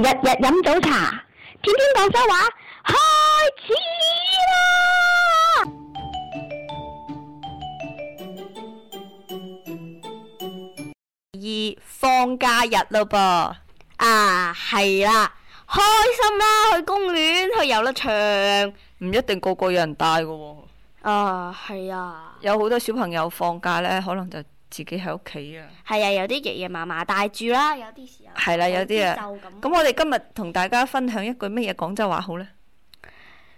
日日飲早茶，天天講廣州話，開始啦！二放假日咯噃，啊，係啦，開心啦，去公園，去遊樂場，唔一定個個有人帶嘅喎。啊，係啊，有好多小朋友放假呢，可能就。自己喺屋企啊！係啊，有啲爺爺嫲嫲帶住啦，有啲時候。係啦、啊，有啲啊。咁、啊嗯、我哋今日同大家分享一句乜嘢廣州話好呢？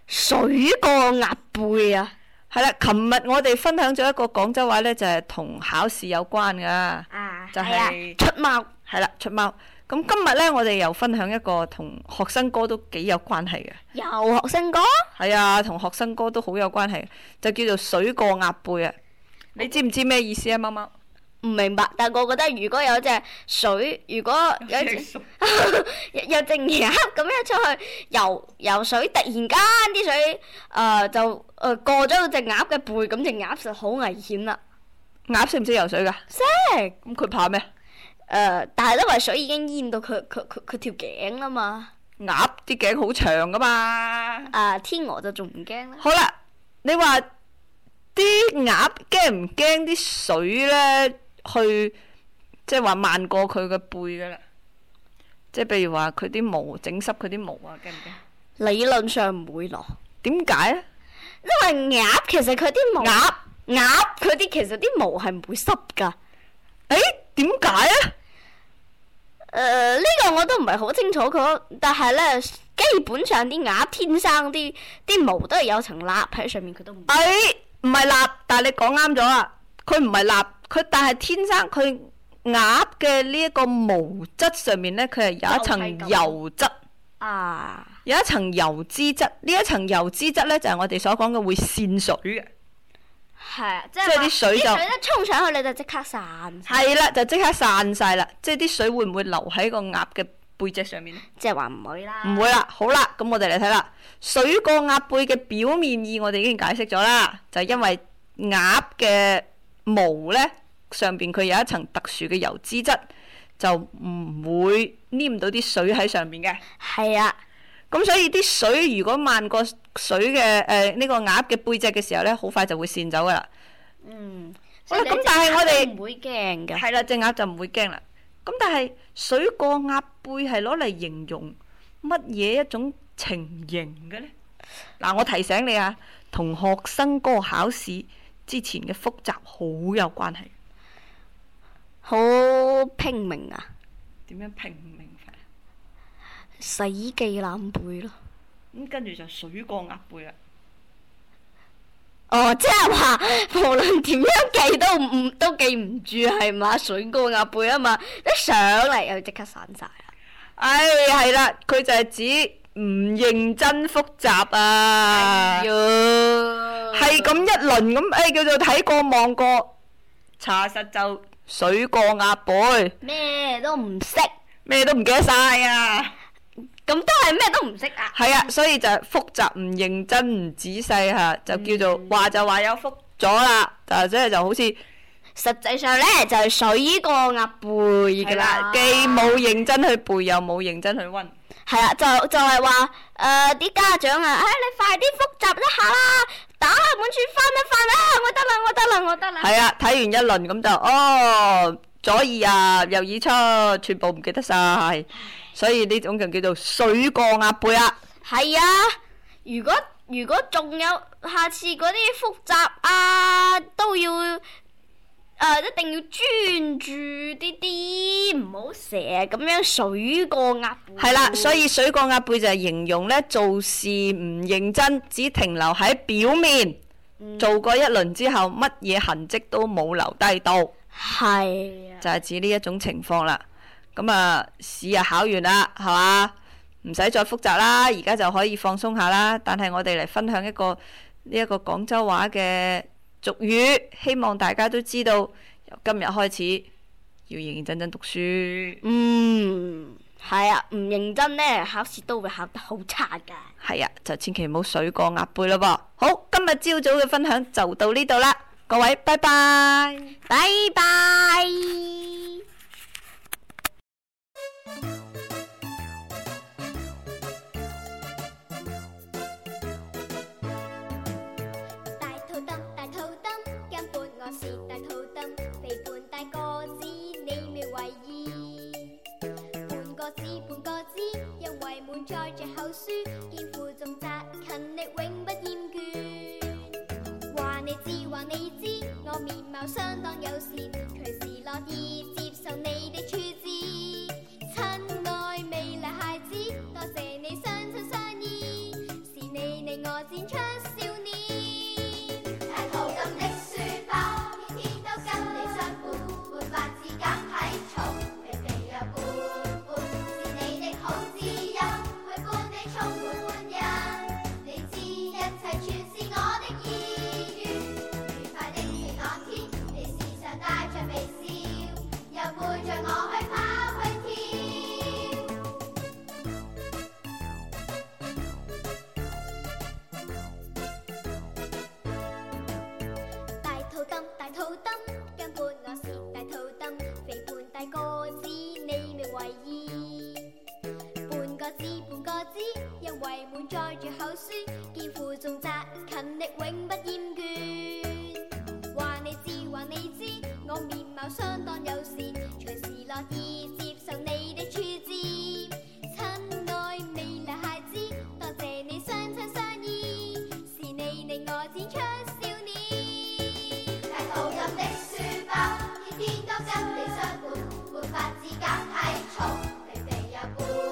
水過鴨背啊！係啦、啊，琴日我哋分享咗一個廣州話呢，就係、是、同考試有關噶。啊、就係出貓。係啦、啊，出貓。咁、啊啊、今日呢，我哋又分享一個同學生哥都幾有關係嘅。又學生哥？係啊，同學生哥都好有關係，就叫做水過鴨背啊！嗯、你知唔知咩意思啊？貓貓？唔明白，但係我覺得如果有只水，如果有隻有隻鴨咁樣出去游游水，突然間啲水誒、呃、就誒、呃、過咗嗰隻鴨嘅背，咁隻鴨就好危險啦。鴨識唔識游水噶？識？咁佢怕咩？誒、呃，但係因為水已經淹到佢佢佢佢條頸啦嘛。鴨啲頸好長噶嘛。誒、呃，天鵝就仲唔驚啦。好啦，你話啲鴨驚唔驚啲水咧？去即係話慢過佢個背噶啦，即係譬如話佢啲毛整濕佢啲毛啊，驚唔驚？理論上唔會落，點解啊？因為鴨其實佢啲毛，鴨鴨佢啲其實啲毛係唔會濕噶。誒、欸，點解啊？呢、呃這個我都唔係好清楚，佢，但係呢，基本上啲鴨天生啲啲毛都係有層蠟喺上面，佢都唔。誒，唔係蠟，但係你講啱咗啊，佢唔係蠟。佢但係天生佢鴨嘅呢一個毛質上面呢，佢係有一層油質啊，有一層油脂質。呢一層油脂質呢，就係、是、我哋所講嘅會滲水嘅。係啊，即係啲是嘛水就水一沖上去，你就即刻散。係啦、啊，就即刻散晒啦。即係啲水會唔會留喺個鴨嘅背脊上面咧？即係話唔會啦。唔會啦。好啦，咁我哋嚟睇啦。水過鴨背嘅表面意，我哋已經解釋咗啦。就因為鴨嘅。毛呢上邊佢有一層特殊嘅油脂質，就唔會黏到啲水喺上面嘅。係啊。咁所以啲水如果漫過水嘅誒呢個鴨嘅背脊嘅時候呢，好快就會跣走噶啦，嗯。嗯。咁但係我哋唔會驚嘅。係啦，隻鴨就唔會驚啦。咁但係水過鴨背係攞嚟形容乜嘢一種情形嘅呢？嗱， 我提醒你啊，同學生哥考試，之前嘅複習好有關係，好拼命啊！點樣拼命法？死記爛背咯。咁、嗯、跟住就水過鴨背啦。哦，即係話無論點樣記都唔都記唔住係嘛？水過鴨背啊嘛，一上嚟又即刻散晒！唉、哎，係啦，佢就係指。唔認真復習啊，係咁一輪咁，誒叫做睇過望過，查實就水過鴨背，咩都唔識，咩都唔記得晒啊，咁都係咩都唔識啊？係啊，所以就復習唔認真唔仔細吓，就叫做話就話有復咗啦，但係真係就好似實際上呢就係水過鴨背噶啦，既冇認真去背又冇認真去溫。係啊，就就係、是、話，誒、呃，啲家長啊，哎，你快啲複習一下啦，打下滿圈翻一翻啊，我得啦，我得啦，我得啦。係啊，睇完一輪咁就，哦，左耳啊，右耳出，全部唔記得晒，所以呢種就叫做水過鴨背啊。係啊，如果如果仲有下次嗰啲複習啊，都要。啊、一定要專注啲啲，唔好成日咁樣水過鴨背。係啦、啊，所以水過鴨背就係形容呢做事唔認真，只停留喺表面，嗯、做過一輪之後，乜嘢痕跡都冇留低到。係、啊。就係指呢一種情況啦。咁、嗯、啊，試又考完啦，係嘛？唔使再複習啦，而家就可以放鬆下啦。但係我哋嚟分享一個呢一、這個廣州話嘅。俗語，希望大家都知道，由今日開始要認認真真讀書。嗯，係啊，唔認真呢，考試都會考得好差噶。係啊，就千祈唔好水過鴨背咯噃。好，今日朝早嘅分享就到呢度啦，各位，拜拜，拜拜 bye。Bye bye 為意，意半個字半個字，因為滿載着厚書，肩負重責，勤力永不厭倦。 話你知話你知，我面貌相當友善，隨時樂意，勤力永不厭倦，話你知話你知，我面貌相當友善，隨時樂意接受你的處置。親愛未來孩子，多謝你相親相依，是你令我展出笑臉。太重的書包，天天都跟你相伴，沒法子減體重，肥肥又胖。